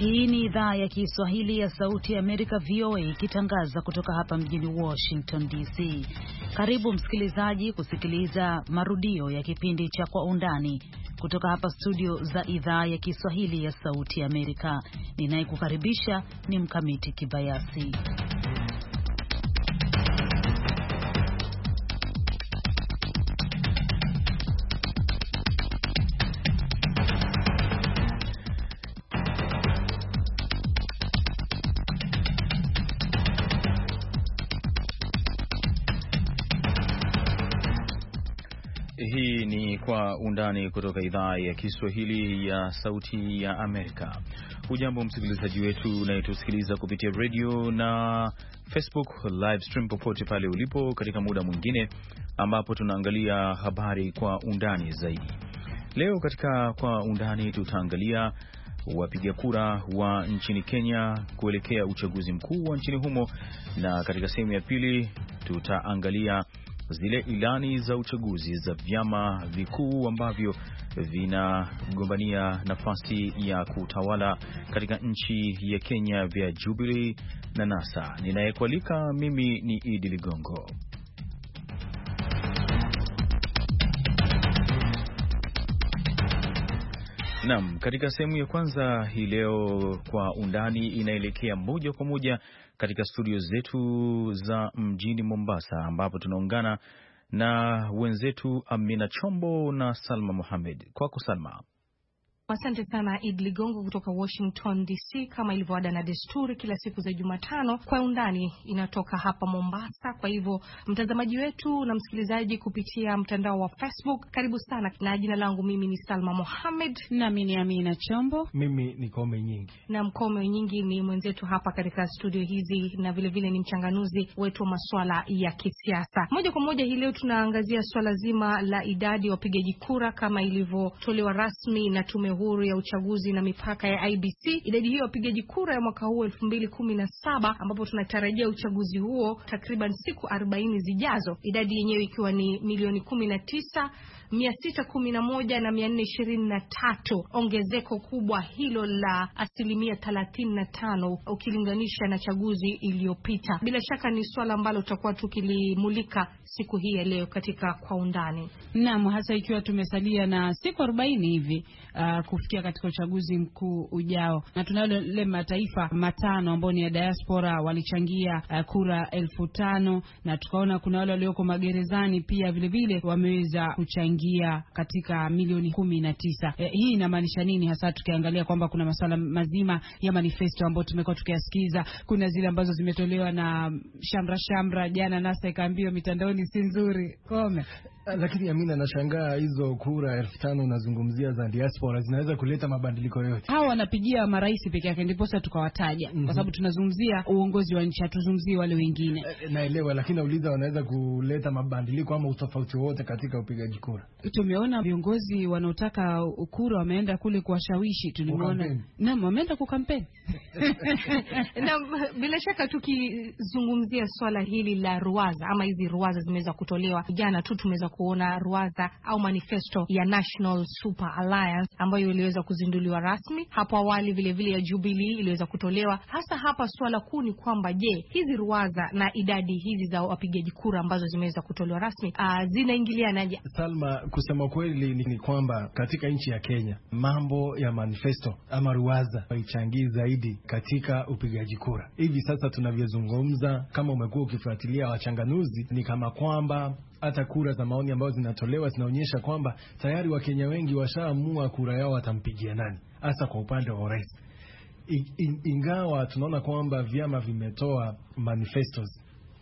Hii ni idhaa ya Kiswahili ya Sauti ya Amerika, VOA, ikitangaza kutoka hapa mjini Washington DC. Karibu msikilizaji kusikiliza marudio ya kipindi cha Kwa Undani kutoka hapa studio za idhaa ya Kiswahili ya Sauti ya Amerika. Ninayekukaribisha ni Mkamiti Kibayasi. undani kutoka idhaa ya Kiswahili ya Sauti ya Amerika. Hujambo msikilizaji wetu unayetusikiliza kupitia redio na Facebook live stream, popote pale ulipo, katika muda mwingine ambapo tunaangalia habari kwa undani zaidi. Leo katika kwa undani tutaangalia wapiga kura wa nchini Kenya kuelekea uchaguzi mkuu wa nchini humo, na katika sehemu ya pili tutaangalia zile ilani za uchaguzi za vyama vikuu ambavyo vinagombania nafasi ya kutawala katika nchi ya Kenya vya Jubilee na NASA. Ninayekualika mimi ni Idi Ligongo. Naam, katika sehemu ya kwanza hii leo kwa undani inaelekea moja kwa moja katika studio zetu za mjini Mombasa, ambapo tunaungana na wenzetu Amina Chombo na Salma Muhamed. Kwako Salma. Asante sana Id Ligongo kutoka Washington DC. Kama ilivyoada na desturi, kila siku za Jumatano kwa undani inatoka hapa Mombasa. Kwa hivyo, mtazamaji wetu na msikilizaji kupitia mtandao wa Facebook, karibu sana, na jina langu mimi ni Salma Mohamed, nami ni Amina Chombo, mimi ni Kome Nyingi, na Mkome Nyingi ni mwenzetu hapa katika studio hizi, na vilevile vile ni mchanganuzi wetu wa masuala ya kisiasa. Moja kwa moja hii leo tunaangazia swala zima la idadi ya wapigaji kura kama ilivyotolewa rasmi na tume huru ya uchaguzi na mipaka ya IBC, idadi hiyo ya wapigaji kura ya mwaka huu elfu mbili kumi na saba ambapo tunatarajia uchaguzi huo takriban siku arobaini zijazo, idadi yenyewe ikiwa ni milioni kumi na tisa mia sita kumi na moja na mia nne ishirini na tatu ongezeko kubwa hilo la asilimia thelathini na tano ukilinganisha na chaguzi iliyopita. Bila shaka ni swala ambalo tutakuwa tukilimulika siku hii ya leo katika kwa undani. Naam, hasa ikiwa tumesalia na siku arobaini hivi uh, kufikia katika uchaguzi mkuu ujao, na tunayo ile mataifa matano ambao ni ya diaspora walichangia uh, kura elfu tano na tukaona kuna wale walioko magerezani pia vilevile wameweza kuchangia kuingia katika milioni kumi na tisa. E, hii inamaanisha nini hasa tukiangalia kwamba kuna masuala mazima ya manifesto ambayo tumekuwa tukiyasikiza. Kuna zile ambazo zimetolewa na shamra shamra, jana NASA ikaambiwa mitandaoni si nzuri kome Ah, lakini Amina, nashangaa hizo kura elfu tano unazungumzia za diaspora zinaweza kuleta mabadiliko yote. Hawa wanapigia marais peke yake, ndiposa tukawataja mm -hmm. Kwa mhm. sababu tunazungumzia uongozi wa nchi, hatuzungumzii wale wengine. Eh, eh, naelewa, lakini nauliza wanaweza kuleta mabadiliko ama utofauti wowote katika upigaji kura? Tumeona viongozi wanaotaka kura wameenda kule kuwashawishi, tulimuona naam, wameenda kukampeni na bila shaka tukizungumzia swala hili la ruwaza ama hizi ruwaza zimeweza kutolewa jana tu tumeweza kuona ruwaza au manifesto ya National Super Alliance ambayo iliweza kuzinduliwa rasmi hapo awali, vilevile ya Jubilee iliweza kutolewa. Hasa hapa suala kuu ni kwamba je, hizi ruwaza na idadi hizi za wapigaji kura ambazo zimeweza kutolewa rasmi ah, zinaingilianaje? Salma, kusema kweli ni kwamba katika nchi ya Kenya mambo ya manifesto ama ruwaza haichangii zaidi katika upigaji kura. Hivi sasa tunavyozungumza, kama umekuwa ukifuatilia wachanganuzi, ni kama kwamba hata kura za maoni ambazo zinatolewa zinaonyesha kwamba tayari Wakenya wengi washaamua kura yao watampigia nani, hasa kwa upande wa urais, ingawa tunaona kwamba vyama vimetoa manifestos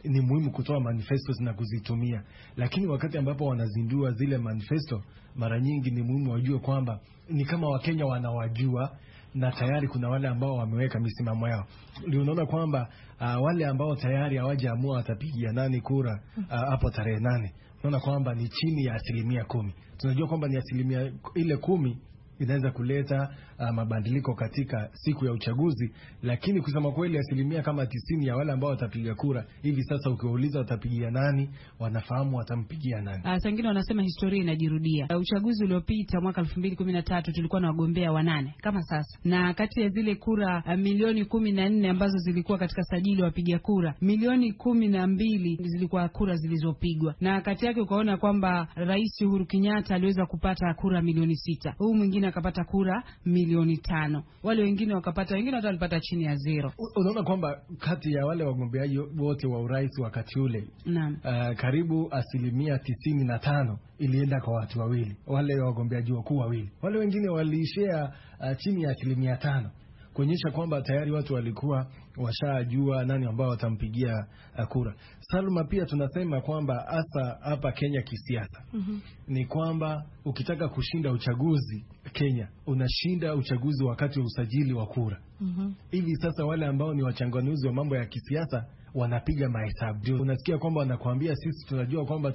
ni muhimu kutoa manifestos na kuzitumia, lakini wakati ambapo wanazindua zile manifesto, mara nyingi ni muhimu wajue kwamba ni kama Wakenya wanawajua na tayari kuna wale ambao wameweka misimamo yao. Ndio unaona kwamba uh, wale ambao tayari hawajaamua watapigia nani kura ah, hapo uh, tarehe nane, unaona kwamba ni chini ya asilimia kumi. Tunajua kwamba ni asilimia ile kumi inaweza kuleta uh, mabadiliko katika siku ya uchaguzi, lakini kusema kweli, asilimia kama tisini ya wale ambao watapiga kura hivi sasa, ukiwauliza watapigia nani, wanafahamu watampigia nani. Uh, ah, wengine wanasema historia inajirudia. Uh, uchaguzi uliopita mwaka elfu mbili kumi na tatu tulikuwa na wagombea wanane kama sasa, na kati ya zile kura uh, milioni kumi na nne ambazo zilikuwa katika sajili wapiga kura milioni kumi na mbili zilikuwa kura zilizopigwa, na kati yake ukaona kwamba Rais Uhuru Kenyatta aliweza kupata kura milioni sita, huyu mwingine akapata kura milioni milioni tano. Wale wengine wakapata, wengine hata walipata chini ya zero. Unaona kwamba kati ya wale wagombeaji wote wa urais wakati ule uh, karibu asilimia tisini na tano ilienda kwa watu wawili, wale wagombeaji wakuu wawili. Wale wengine walishea uh, eh, chini ya asilimia tano kuonyesha kwamba tayari watu walikuwa washajua nani ambao watampigia uh, kura. Salma, pia tunasema kwamba hasa hapa Kenya kisiasa mm -hmm. ni kwamba ukitaka kushinda uchaguzi Kenya unashinda uchaguzi wakati wa usajili wa kura mm -hmm. hivi sasa wale ambao ni wachanganuzi wa mambo ya kisiasa wanapiga mahesabu. Unasikia kwamba wanakuambia sisi tunajua kwamba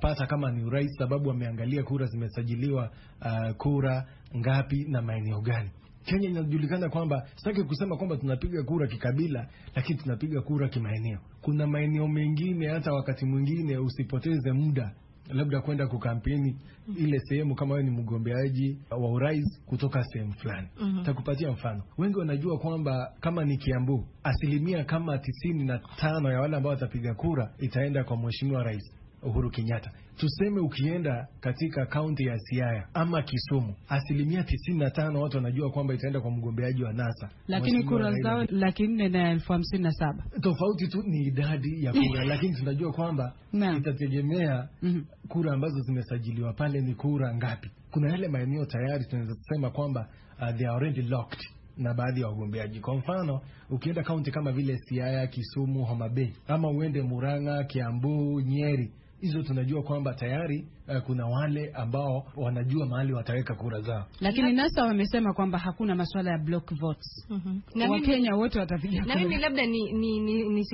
pata kama ni urais, sababu wameangalia kura zimesajiliwa, uh, kura ngapi na maeneo gani. Kenya inajulikana kwamba, sitaki kusema kwamba tunapiga kura kikabila, lakini tunapiga kura kimaeneo. Kuna maeneo mengine hata wakati mwingine usipoteze muda labda kwenda kukampeni ile sehemu, kama wewe ni mgombeaji wa urais kutoka sehemu fulani mm -hmm. Takupatia mfano, wengi wanajua kwamba kama ni Kiambu, asilimia kama tisini na tano ya wale ambao watapiga kura itaenda kwa mheshimiwa rais Uhuru Kenyatta. Tuseme ukienda katika kaunti ya Siaya ama Kisumu, asilimia tisini na tano watu wanajua kwamba itaenda kwa mgombeaji wa NASA, lakini kura zao laki nne na elfu hamsini na saba. Tofauti tu ni idadi ya kura lakini tunajua kwamba itategemea mhm. kura ambazo zimesajiliwa pale ni kura ngapi. Kuna yale maeneo tayari tunaweza kusema kwamba uh, they are already locked na baadhi ya wagombeaji. Kwa mfano, ukienda kaunti kama vile Siaya, Kisumu, Homa Bay ama uende Murang'a, Kiambu, Nyeri, hizo tunajua kwamba tayari Eh, kuna wale ambao wanajua mahali wataweka kura zao, lakini NASA wamesema kwamba hakuna masuala ya block votes. Mm -hmm. Wakenya wote watapiga kura. Na mimi labda ni, ni, ni,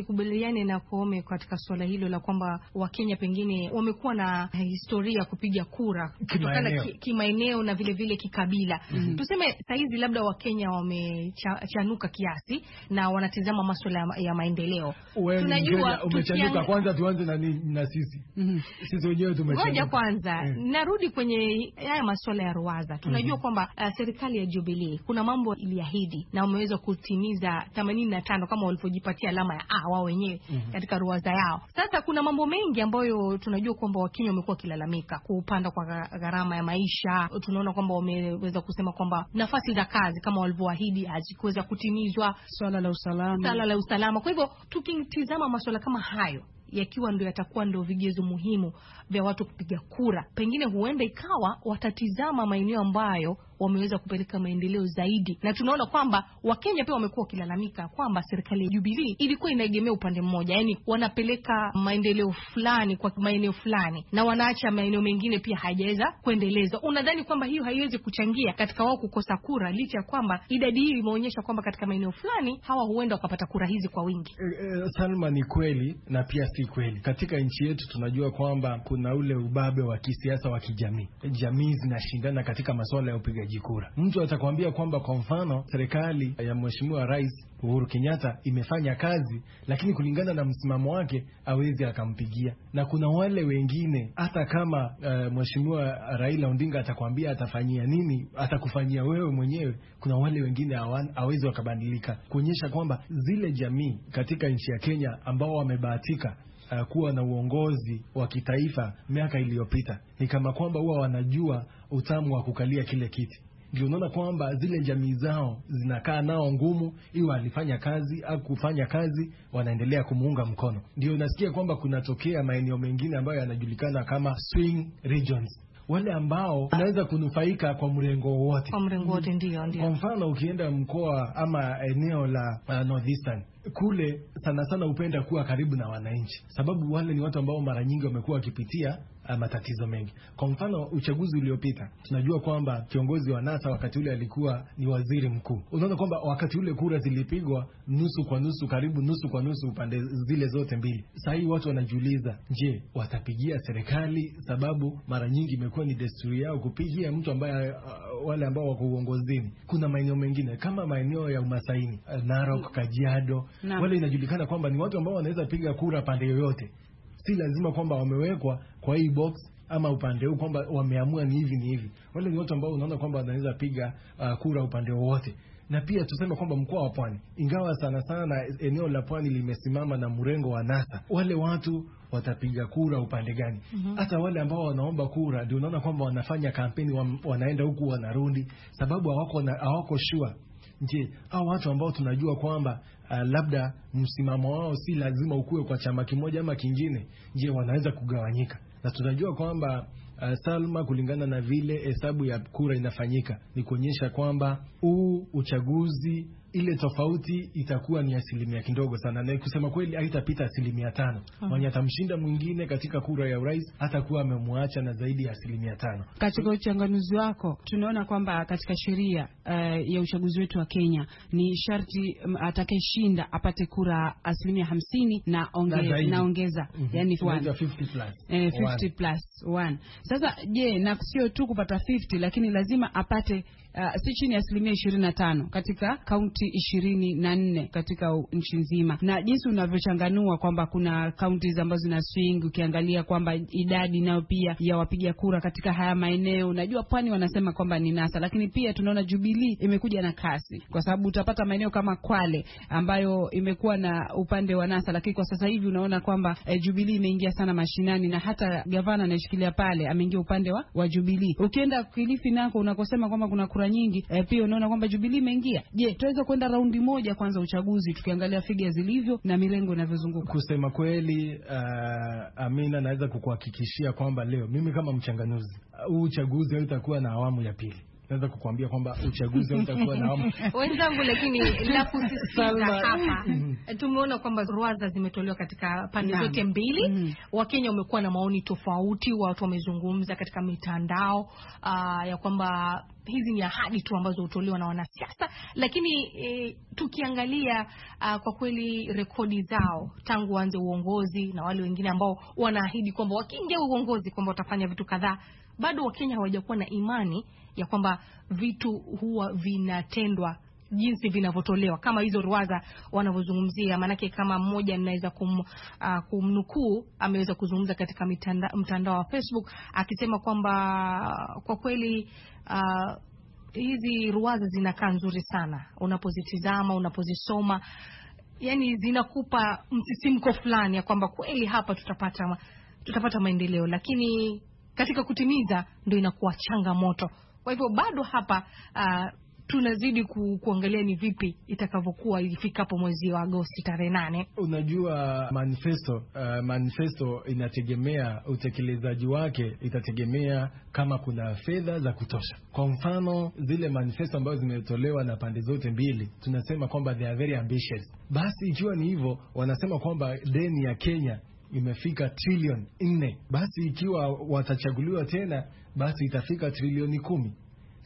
ni na Koome katika suala hilo la kwamba Wakenya pengine wamekuwa na historia kupiga kura kutokana kimaeneo ki na vile vile kikabila. Mm -hmm. Tuseme saizi labda Wakenya wamechanuka kiasi na wanatizama masuala ya maendeleo. Tunajua umechanuka, kwanza tuanze na, na sisi. Mm -hmm. Sisi wenyewe tumechanuka kwanza mm. narudi kwenye haya masuala ya ruwaza. Tunajua mm -hmm. kwamba uh, serikali ya Jubilee kuna mambo iliahidi na wameweza kutimiza 85 kama walivyojipatia alama ya ah, wao wenyewe mm -hmm. katika ruwaza yao. Sasa kuna mambo mengi ambayo tunajua kwamba Wakenya wamekuwa wakilalamika, kupanda kwa gharama ya maisha. Tunaona kwamba wameweza kusema kwamba nafasi za kazi kama walivyoahidi hazikuweza kutimizwa, swala la usalama, swala la usalama. Kwa hivyo tukitizama masuala kama hayo yakiwa ndio yatakuwa ndio vigezo muhimu vya watu kupiga kura, pengine huenda ikawa watatizama maeneo ambayo wameweza kupeleka maendeleo zaidi, na tunaona kwamba Wakenya pia wamekuwa wakilalamika kwamba serikali ya Jubilee ilikuwa inaegemea upande mmoja, yani wanapeleka maendeleo fulani kwa maeneo fulani na wanaacha maeneo mengine pia hajaweza kuendelezwa. Unadhani kwamba hiyo haiwezi kuchangia katika wao kukosa kura, licha ya kwamba idadi hii imeonyesha kwamba katika maeneo fulani hawa huenda wakapata kura hizi kwa wingi? E, e, Salma, ni kweli na pia si kweli. Katika nchi yetu tunajua kwamba kuna ule ubabe wa kisiasa wa kijamii, jamii zinashindana katika masuala ya upigaji upigaji kura. Mtu atakwambia kwamba kwa mfano serikali ya Mheshimiwa Rais Uhuru Kenyatta imefanya kazi, lakini kulingana na msimamo wake awezi akampigia. Na kuna wale wengine hata kama uh, Mheshimiwa Raila Odinga atakwambia atafanyia nini, atakufanyia wewe mwenyewe, kuna wale wengine awezi wakabadilika, kuonyesha kwamba zile jamii katika nchi ya Kenya ambao wamebahatika uh, kuwa na uongozi wa kitaifa miaka iliyopita, ni kama kwamba huwa wanajua utamu wa kukalia kile kiti. Ndio unaona kwamba zile jamii zao zinakaa nao ngumu, iwe alifanya kazi au kufanya kazi, wanaendelea kumuunga mkono. Ndio unasikia kwamba kunatokea maeneo mengine ambayo yanajulikana kama swing regions wale ambao wanaweza kunufaika kwa mrengo wote, kwa mrengo wote. Ndio, ndio. Kwa mfano ukienda mkoa ama eneo la uh, northeastern kule sana sana hupenda kuwa karibu na wananchi, sababu wale ni watu ambao mara nyingi wamekuwa wakipitia uh, matatizo mengi. Kwa mfano uchaguzi uliopita, tunajua kwamba kiongozi wa NASA wakati ule alikuwa ni waziri mkuu. Unaona kwamba wakati ule kura zilipigwa nusu kwa nusu, karibu nusu kwa nusu upande zile zote mbili. Sasa hii watu wanajiuliza, je, watapigia serikali? Sababu mara nyingi imekuwa ni desturi yao kupigia mtu ambaye eh, wale ambao wako uongozini. Kuna maeneo mengine kama maeneo ya Umasaini, eh, Narok, Kajiado, na wale inajulikana kwamba ni watu ambao wanaweza piga kura pande yoyote si lazima kwamba wamewekwa kwa hii box ama upande huu kwamba wameamua ni hivi ni hivi. Wale ni watu ambao unaona kwamba wanaweza piga uh, kura upande wowote na pia tuseme kwamba mkoa wa Pwani, ingawa sana sana eneo la Pwani limesimama na mrengo wa NASA, wale watu watapiga kura upande gani? Mhm. Hata mm -hmm. wale ambao wanaomba kura ndio unaona kwamba wanafanya kampeni, wanaenda huku wanarudi, sababu hawako hawako sure Je, hao watu ambao tunajua kwamba uh, labda msimamo wao si lazima ukuwe kwa chama kimoja ama kingine, je, wanaweza kugawanyika? Na tunajua kwamba uh, Salma, kulingana na vile hesabu ya kura inafanyika, ni kuonyesha kwamba huu uchaguzi ile tofauti itakuwa ni asilimia kidogo sana, na kusema kweli haitapita asilimia tano. Ah. Mwenye atamshinda mwingine katika kura ya urais atakuwa amemwacha na zaidi ya asilimia tano. Katika uchanganuzi wako, tunaona kwamba katika sheria uh, ya uchaguzi wetu wa Kenya ni sharti um, atakayeshinda apate kura asilimia hamsini na onge, naongeza mm -hmm. yani 50 plus 1 eh, sasa je, na sio tu kupata 50 lakini lazima apate uh, si chini ya asilimia ishirini na tano katika kaunti ishirini na nne katika nchi nzima, na jinsi unavyochanganua kwamba kuna kaunti ambazo zina swing, ukiangalia kwamba idadi nayo pia ya wapiga kura katika haya maeneo, najua pwani wanasema kwamba ni nasa, lakini pia tunaona Jubilee imekuja na kasi, kwa sababu utapata maeneo kama Kwale ambayo imekuwa na upande wa nasa, lakini kwa sasa hivi unaona kwamba eh, Jubilee imeingia sana mashinani na hata gavana anayeshikilia pale ameingia upande wa, wa Jubilee. Ukienda Kilifi nako unakosema kwamba kuna kura nyingi e, pia unaona kwamba Jubilee imeingia. Je, tuweza kwenda raundi moja kwanza uchaguzi tukiangalia figa zilivyo na milengo inavyozunguka? Kusema kweli, uh, Amina, naweza kukuhakikishia kwamba leo mimi kama mchanganuzi uh, huu uh, uchaguzi utakuwa na awamu ya pili naweza kukuambia kwamba uchaguzi utakuwa na amu wenzangu, lakini la kusisitiza hapa, mm. eh, tumeona kwamba ruwaza zimetolewa katika pande zote mbili mm. Wakenya wamekuwa na maoni tofauti, watu wamezungumza katika mitandao uh, ya kwamba hizi ni ahadi tu ambazo hutolewa na wanasiasa, lakini e, tukiangalia a, ah, kwa kweli rekodi zao tangu waanze uongozi na wale wengine ambao wanaahidi kwamba wakiingia uongozi kwamba watafanya vitu kadhaa, bado Wakenya hawajakuwa na imani ya kwamba vitu huwa vinatendwa jinsi vinavyotolewa kama hizo ruwaza wanavyozungumzia. Maanake kama mmoja ninaweza kum, uh, kumnukuu ameweza kuzungumza katika mitanda, mtandao wa Facebook akisema kwamba kwa kweli uh, hizi ruwaza zinakaa nzuri sana unapozitizama, unapozisoma yani zinakupa msisimko fulani ya kwamba kweli hapa tutapata tutapata maendeleo, lakini katika kutimiza ndio inakuwa changamoto. Kwa hivyo bado hapa uh, tunazidi ku, kuangalia ni vipi itakavyokuwa ifikapo mwezi wa Agosti tarehe nane. Unajua manifesto uh, manifesto inategemea utekelezaji wake, itategemea kama kuna fedha za kutosha. Kwa mfano zile manifesto ambazo zimetolewa na pande zote mbili, tunasema kwamba they are very ambitious. Basi ikiwa ni hivyo, wanasema kwamba deni ya Kenya imefika trilioni nne. Basi ikiwa watachaguliwa tena, basi itafika trilioni kumi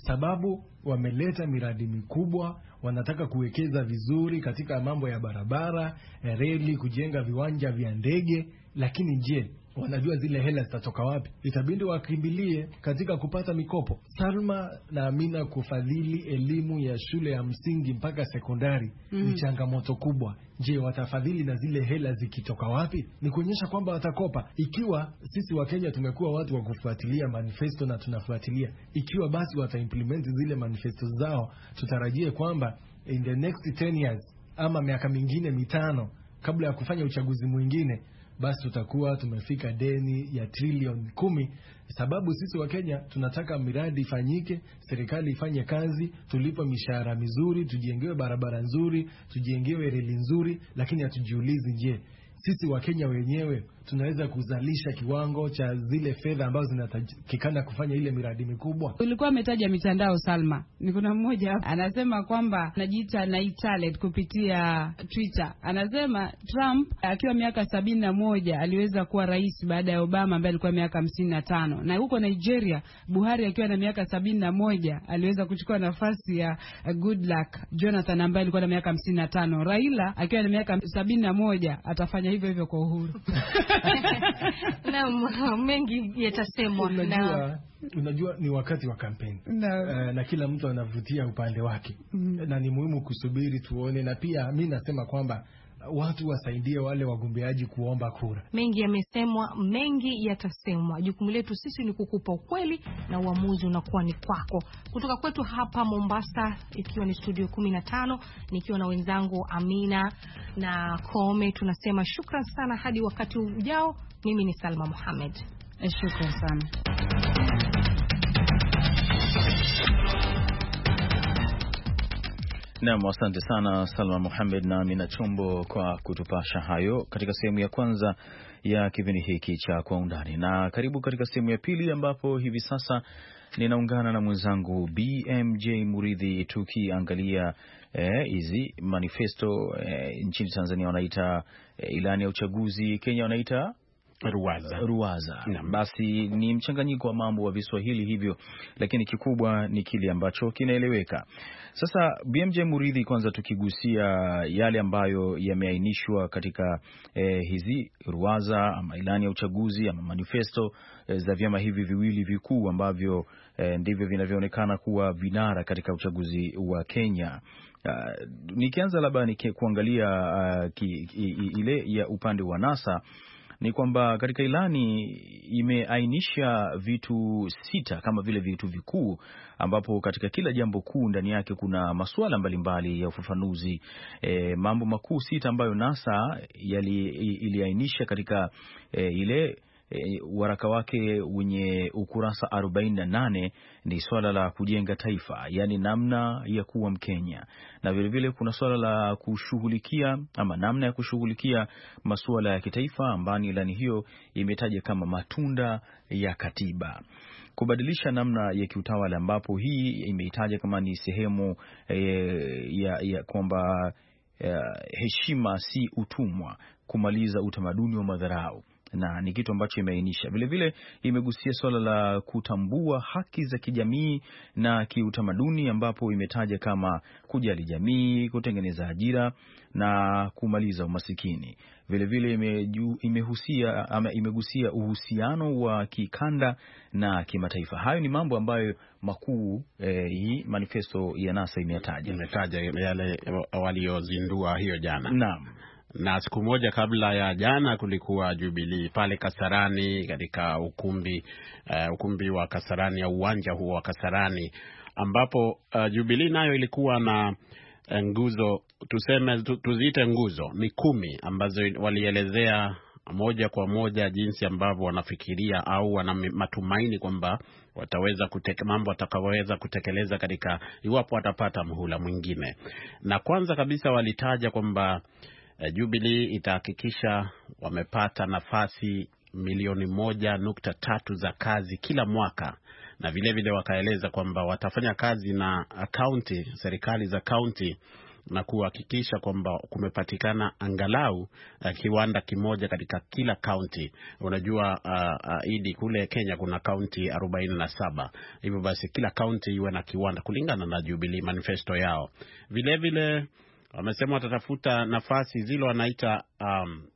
sababu wameleta miradi mikubwa, wanataka kuwekeza vizuri katika mambo ya barabara, eh, reli, kujenga viwanja vya ndege. Lakini je, wanajua zile hela zitatoka wapi, itabidi wakimbilie katika kupata mikopo. Salma na Amina, kufadhili elimu ya shule ya msingi mpaka sekondari mm. ni changamoto kubwa. Je, watafadhili na zile hela zikitoka wapi? Ni kuonyesha kwamba watakopa. Ikiwa sisi Wakenya tumekuwa watu wa kufuatilia manifesto na tunafuatilia, ikiwa basi wataimplement zile manifesto zao, tutarajie kwamba in the next 10 years ama miaka mingine mitano kabla ya kufanya uchaguzi mwingine basi tutakuwa tumefika deni ya trilioni kumi, sababu sisi wa Kenya tunataka miradi ifanyike, serikali ifanye kazi, tulipe mishahara mizuri, tujengewe barabara nzuri, tujengewe reli nzuri, lakini hatujiulizi je, sisi Wakenya wenyewe tunaweza kuzalisha kiwango cha zile fedha ambazo zinatakikana kufanya ile miradi mikubwa. Ulikuwa ametaja mitandao Salma, ni kuna mmoja anasema kwamba anajiita Naitalent kupitia Twitter, anasema Trump akiwa miaka sabini na moja aliweza kuwa rais baada ya Obama ambaye alikuwa miaka hamsini na tano na huko Nigeria Buhari akiwa na miaka sabini na moja aliweza kuchukua nafasi ya Goodluck Jonathan ambaye alikuwa na miaka hamsini na tano Raila akiwa na miaka sabini na moja atafanya hivyo hivyo kwa uhuru. Naam, mengi yatasemwa. Unajua, unajua ni wakati wa kampeni na, Uh, na kila mtu anavutia upande wake mm. Na ni muhimu kusubiri tuone, na pia mi nasema kwamba watu wasaidie wale wagombeaji kuomba kura. Mengi yamesemwa, mengi yatasemwa. Jukumu letu sisi ni kukupa ukweli na uamuzi unakuwa ni kwako. Kutoka kwetu hapa Mombasa, ikiwa ni studio 15 nikiwa na wenzangu Amina na Kome, tunasema shukran sana. Hadi wakati ujao, mimi ni Salma Mohamed. Shukran sana. Nam, asante sana Salma Muhamed na Amina Chombo kwa kutupasha hayo katika sehemu ya kwanza ya kipindi hiki cha Kwa Undani, na karibu katika sehemu ya pili ambapo hivi sasa ninaungana na mwenzangu BMJ Muridhi tukiangalia eh, hizi eh, manifesto eh, nchini Tanzania wanaita eh, ilani ya uchaguzi, Kenya wanaita Ruwaza, Ruwaza. Na basi ni mchanganyiko wa mambo wa Viswahili hivyo, lakini kikubwa ni kile ambacho kinaeleweka. Sasa BMJ Muridhi, kwanza tukigusia yale ambayo yameainishwa katika eh, hizi ruwaza ama ilani ya uchaguzi ama manifesto eh, za vyama hivi viwili vikuu ambavyo eh, ndivyo vinavyoonekana kuwa vinara katika uchaguzi wa Kenya. Uh, nikianza labda nikuangalia uh, ah, ile ya upande wa NASA ni kwamba katika ilani imeainisha vitu sita kama vile vitu vikuu, ambapo katika kila jambo kuu ndani yake kuna masuala mbalimbali ya ufafanuzi. E, mambo makuu sita ambayo NASA yali, iliainisha katika e, ile e, waraka wake wenye ukurasa 48 ni swala la kujenga taifa, yaani namna ya kuwa Mkenya, na vilevile kuna swala la kushughulikia ama namna ya kushughulikia masuala ya kitaifa, ambayo ilani hiyo imetaja kama matunda ya katiba kubadilisha namna ya kiutawala ambapo hii imehitaja kama ni sehemu e, ya, ya kwamba e, heshima si utumwa, kumaliza utamaduni wa madharau na ni kitu ambacho imeainisha. Vilevile imegusia suala la kutambua haki za kijamii na kiutamaduni, ambapo imetaja kama kujali jamii, kutengeneza ajira na kumaliza umasikini. Vilevile imehusia ama imegusia uhusiano wa kikanda na kimataifa. Hayo ni mambo ambayo makuu eh, hii manifesto ya NASA imeyataja imetaja yale waliyozindua hiyo jana. Naam na siku moja kabla ya jana kulikuwa Jubilii pale Kasarani katika ukumbi uh, ukumbi wa Kasarani au uwanja huo wa Kasarani ambapo uh, Jubilii nayo ilikuwa na eh, nguzo tuseme, tuziite nguzo ni kumi ambazo walielezea moja kwa moja jinsi ambavyo wanafikiria au wana matumaini kwamba wataweza kuteke, mambo watakaweza kutekeleza katika iwapo watapata mhula mwingine. Na kwanza kabisa walitaja kwamba Eh, Jubilee itahakikisha wamepata nafasi milioni moja nukta tatu za kazi kila mwaka, na vilevile vile wakaeleza kwamba watafanya kazi na kaunti, serikali za kaunti na kuhakikisha kwamba kumepatikana angalau uh, kiwanda kimoja katika kila kaunti. Unajua uh, uh, idi kule Kenya kuna kaunti arobaini na saba. Hivyo basi kila kaunti iwe na kiwanda kulingana na Jubilee manifesto yao. Vilevile wamesema watatafuta nafasi zile wanaita um,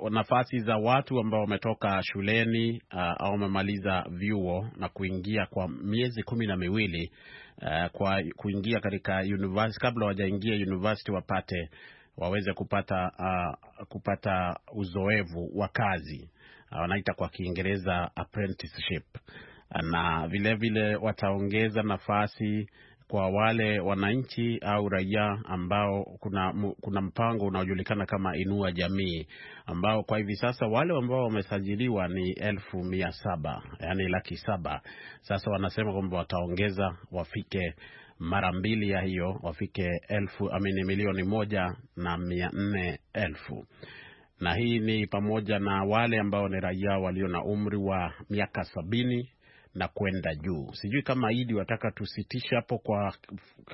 uh, nafasi za watu ambao wametoka shuleni uh, au wamemaliza vyuo na kuingia kwa miezi kumi na miwili uh, kwa kuingia katika university, kabla wajaingia university wapate waweze kupata uh, kupata uzoevu wa kazi uh, wanaita kwa Kiingereza apprenticeship na vilevile vile wataongeza nafasi kwa wale wananchi au raia ambao kuna, kuna mpango unaojulikana kama Inua Jamii ambao kwa hivi sasa wale ambao wamesajiliwa ni elfu mia saba yani laki saba. Sasa wanasema kwamba wataongeza wafike mara mbili ya hiyo wafike elfu amini milioni moja na mia nne elfu na hii ni pamoja na wale ambao ni raia walio na umri wa miaka sabini na kwenda juu. Sijui kama Idi wataka tusitishe hapo kwa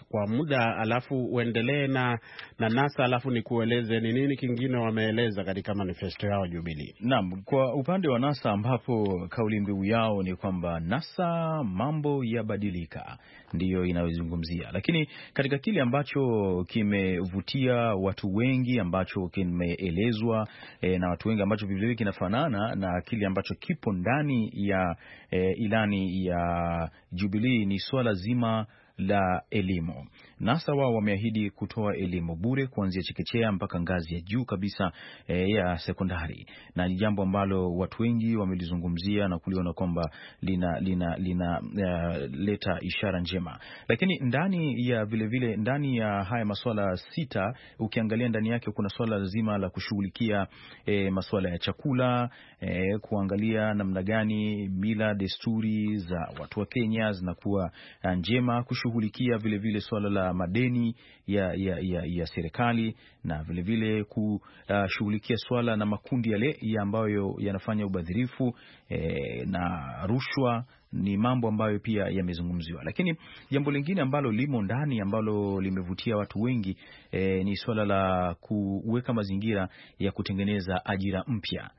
kwa muda, alafu uendelee na na NASA, alafu nikueleze ni nini kingine wameeleza katika manifesto yao Jubilii. Naam, kwa upande wa NASA ambapo kauli mbiu yao ni kwamba NASA mambo yabadilika, ndiyo inayozungumzia, lakini katika kile ambacho kimevutia watu wengi ambacho kimeelezwa e, na watu wengi ambacho vilevile kinafanana na kile ambacho kipo ndani ya e, ilani ndani ya Jubilii ni swala zima la elimu nasa wao wameahidi kutoa elimu bure kuanzia chekechea mpaka ngazi ya juu kabisa e, ya sekondari, na ni jambo ambalo watu wengi wamelizungumzia na kuliona kwamba lina lina linaleta eh, uh, ishara njema, lakini ndani ya vilevile vile, ndani ya haya masuala sita, ukiangalia ndani yake kuna swala zima la kushughulikia e, eh, masuala ya chakula e, kuangalia namna gani mila desturi za watu wa Kenya zinakuwa njema, kushughulikia vilevile swala la madeni ya, ya, ya, ya serikali na vilevile kushughulikia swala na makundi yale ya ambayo yanafanya ubadhirifu eh, na rushwa ni mambo ambayo pia yamezungumziwa, lakini jambo lingine ambalo limo ndani ambalo limevutia watu wengi e, ni suala la kuweka mazingira ya kutengeneza ajira mpya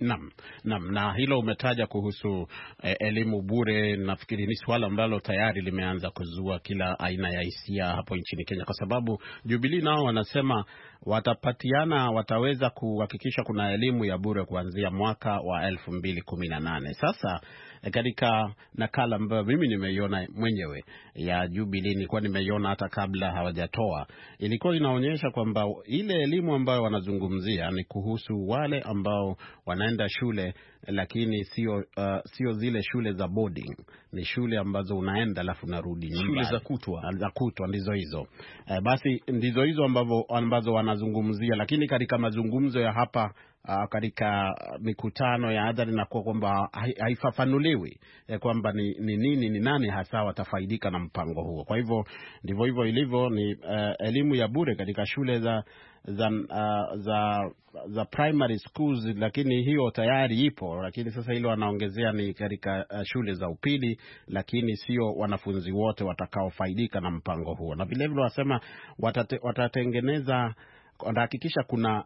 Naam, naam, na hilo umetaja kuhusu eh, elimu bure, nafikiri ni suala ambalo tayari limeanza kuzua kila aina ya hisia hapo nchini Kenya, kwa sababu Jubilee nao wanasema watapatiana, wataweza kuhakikisha kuna elimu ya bure kuanzia mwaka wa elfu mbili kumi na nane. Sasa katika nakala ambayo mimi nimeiona mwenyewe ya Jubilee, nilikuwa nimeiona hata kabla hawajatoa, ilikuwa inaonyesha kwamba ile elimu ambayo wanazungumzia ni kuhusu wale ambao wanaenda shule lakini sio uh, sio zile shule za boarding, ni shule ambazo unaenda alafu unarudi nyumbani, shule za kutwa, za kutwa ndizo hizo eh, basi ndizo hizo ambazo, ambazo wanazungumzia, lakini katika mazungumzo ya hapa uh, katika ah, mikutano ya hadhara inakuwa kwamba haifafanuliwi eh, kwamba ni nini ni, nani hasa watafaidika na mpango huo. Kwa hivyo ndivyo hivyo ilivyo, ni uh, elimu ya bure katika shule za za, uh, za za primary schools, lakini hiyo tayari ipo, lakini sasa hilo wanaongezea ni katika uh, shule za upili, lakini sio wanafunzi wote watakaofaidika na mpango huo. Na vilevile wasema watate, watatengeneza watahakikisha kuna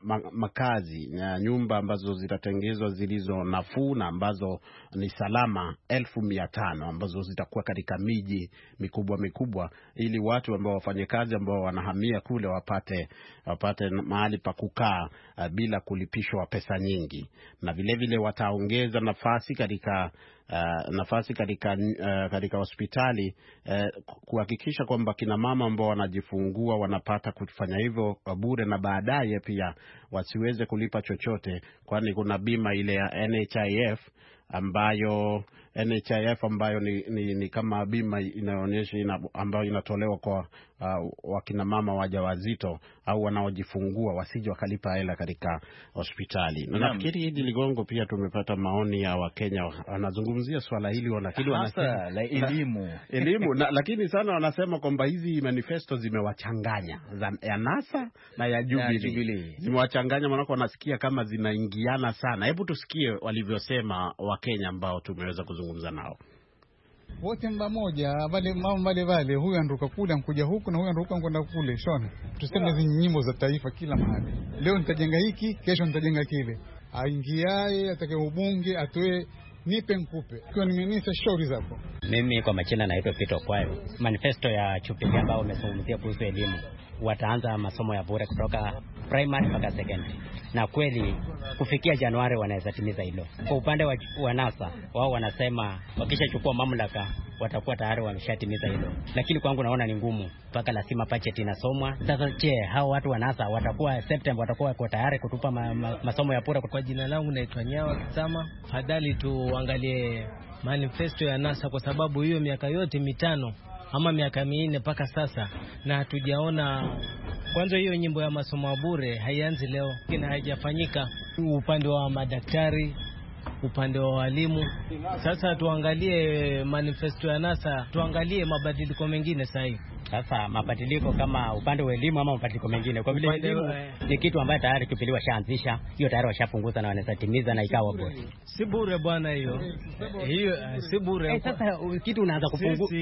uh, makazi na nyumba ambazo zitatengezwa zilizo nafuu na ambazo ni salama elfu mia tano ambazo zitakuwa katika miji mikubwa mikubwa, ili watu ambao wafanyakazi ambao wanahamia kule wapate wapate mahali pa kukaa uh, bila kulipishwa pesa nyingi, na vilevile vile wataongeza nafasi katika uh, nafasi katika, uh, katika hospitali uh, kuhakikisha kwamba kina mama ambao wanajifungua wanapata kufanya hivyo bure na baadaye pia wasiweze kulipa chochote, kwani kuna bima ile ya NHIF ambayo NHIF ambayo ni, ni, ni kama bima inayoonyesha ina, ambayo inatolewa kwa uh, wakina mama wajawazito au wanaojifungua wasije wakalipa hela katika hospitali. Na nafikiri hili ligongo pia tumepata maoni ya Wakenya wanazungumzia swala hili wanakili wanasema elimu elimu na, lakini sana wanasema kwamba hizi manifesto zimewachanganya ya NASA na ya Jubilee zimewachanganya, maanake wanasikia kama zinaingiana sana. Hebu tusikie walivyosema Wakenya ambao tumeweza kuzungumza kuzungumza nao wote mba moja vale mambo vale vale, huyu anaruka kule ankuja huku na huyu anaruka kwenda kule shona. Tuseme hizi nyimbo za taifa kila mahali, leo nitajenga hiki, kesho nitajenga kile. Aingiaye atake ubunge atoe nipe nkupe, kwa nimenisa shauri zako. Mimi kwa machina naitwa Pito Kwayo. Manifesto ya Chupiga ambao umezungumzia kuhusu elimu wataanza masomo ya bure kutoka primary mpaka secondary, na kweli kufikia Januari wanaweza timiza hilo. Kwa upande wa, wa NASA wao wanasema wakishachukua mamlaka watakuwa tayari wameshatimiza hilo, lakini kwangu naona ni ngumu, mpaka lazima budget inasomwa sasa. Je, hao watu wa NASA watakuwa Septemba watakuwa wako tayari kutupa ma, ma, masomo ya bure? Kwa jina langu naitwa Nyawa Kisama. Fadhali tuangalie manifesto ya NASA kwa sababu hiyo miaka yote mitano ama miaka minne mpaka sasa, na hatujaona kwanza. Hiyo nyimbo ya masomo ya bure haianzi leo, lakini haijafanyika upande wa madaktari upande wa walimu. Sasa tuangalie manifesto ya NASA, tuangalie mabadiliko mengine sahihi. Sasa mabadiliko kama upande wa elimu ama mabadiliko mengine, kwa vile elimu ni kitu ambayo tayari kipili washaanzisha hiyo, tayari washapunguza na timiza na ikawa bure Si bure bwana, hiyo hiyo eh, si bure. Eh, sasa eh, kitu unaanza kupunguza.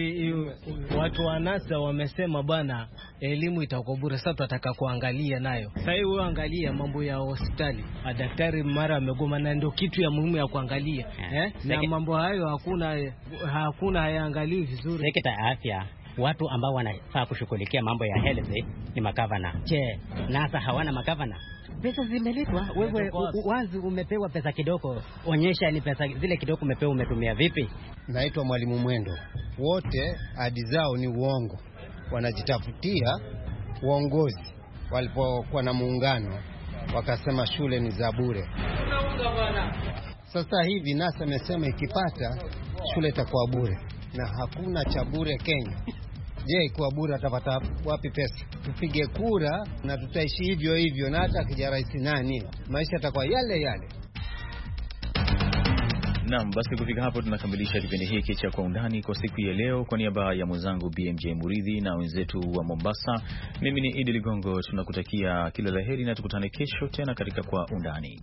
Watu wa NASA wamesema bwana, elimu itakuwa bure. Sasa tutataka kuangalia nayo sasa. Wewe angalia mambo ya hospitali, ah, daktari mara amegoma, na ndio kitu ya muhimu ya kuangalia eh, na mambo hayo hakuna hakuna hayaangalii vizuri sekta ya afya watu ambao wanafaa kushughulikia mambo ya health ni magavana. Je, NASA hawana magavana? Pesa zimelipwa, wewe wazi umepewa pesa kidogo, onyesha ni pesa zile kidogo umepewa umetumia vipi? Naitwa Mwalimu Mwendo. Wote hadi zao ni uongo, wanajitafutia uongozi. Walipokuwa na muungano wakasema shule ni za bure. Sasa hivi NASA imesema ikipata shule itakuwa bure na hakuna cha bure Kenya. Je, kwa bure atapata wapi pesa? Tupige kura na tutaishi hivyo hivyo, na hata akija rais nani, maisha atakuwa yale yale. Naam, basi kufika hapo tunakamilisha kipindi hiki cha Kwa Undani kwa siku ya leo. Kwa niaba ya mwenzangu BMJ Muridhi na wenzetu wa Mombasa, mimi ni Idi Ligongo, tunakutakia kila la heri na tukutane kesho tena katika Kwa Undani.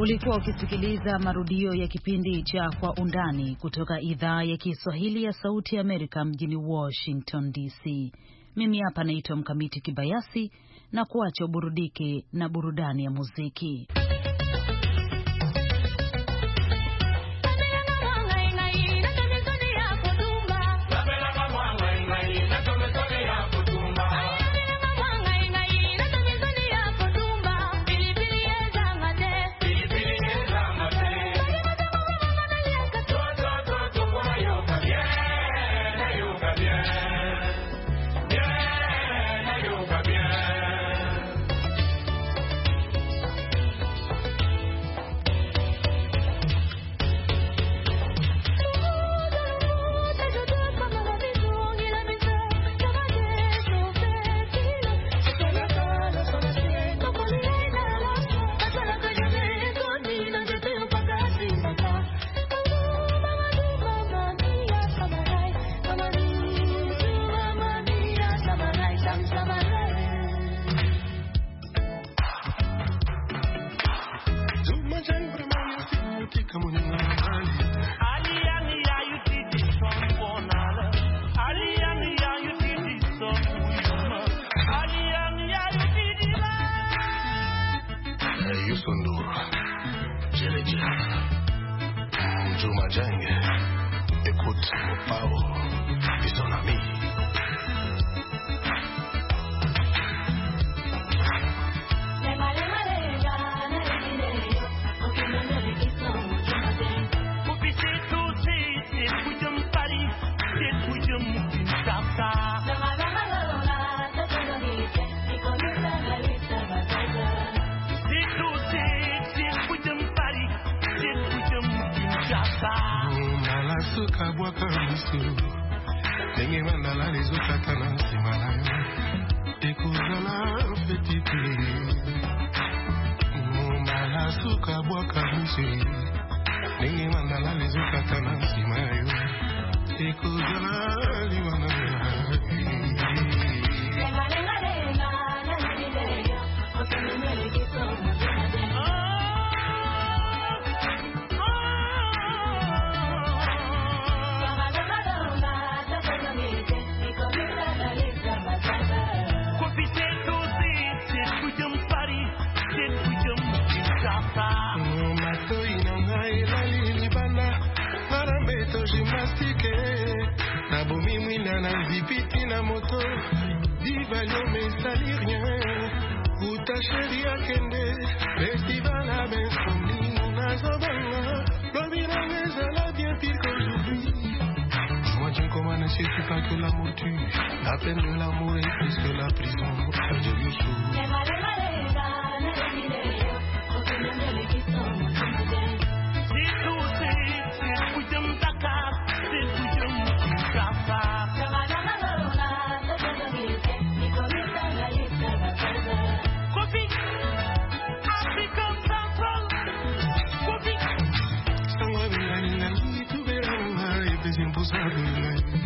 Ulikuwa ukisikiliza marudio ya kipindi cha Kwa Undani kutoka idhaa ya Kiswahili ya Sauti ya Amerika mjini Washington DC. Mimi hapa naitwa Mkamiti Kibayasi na kuacha uburudike na burudani ya muziki. Por siempre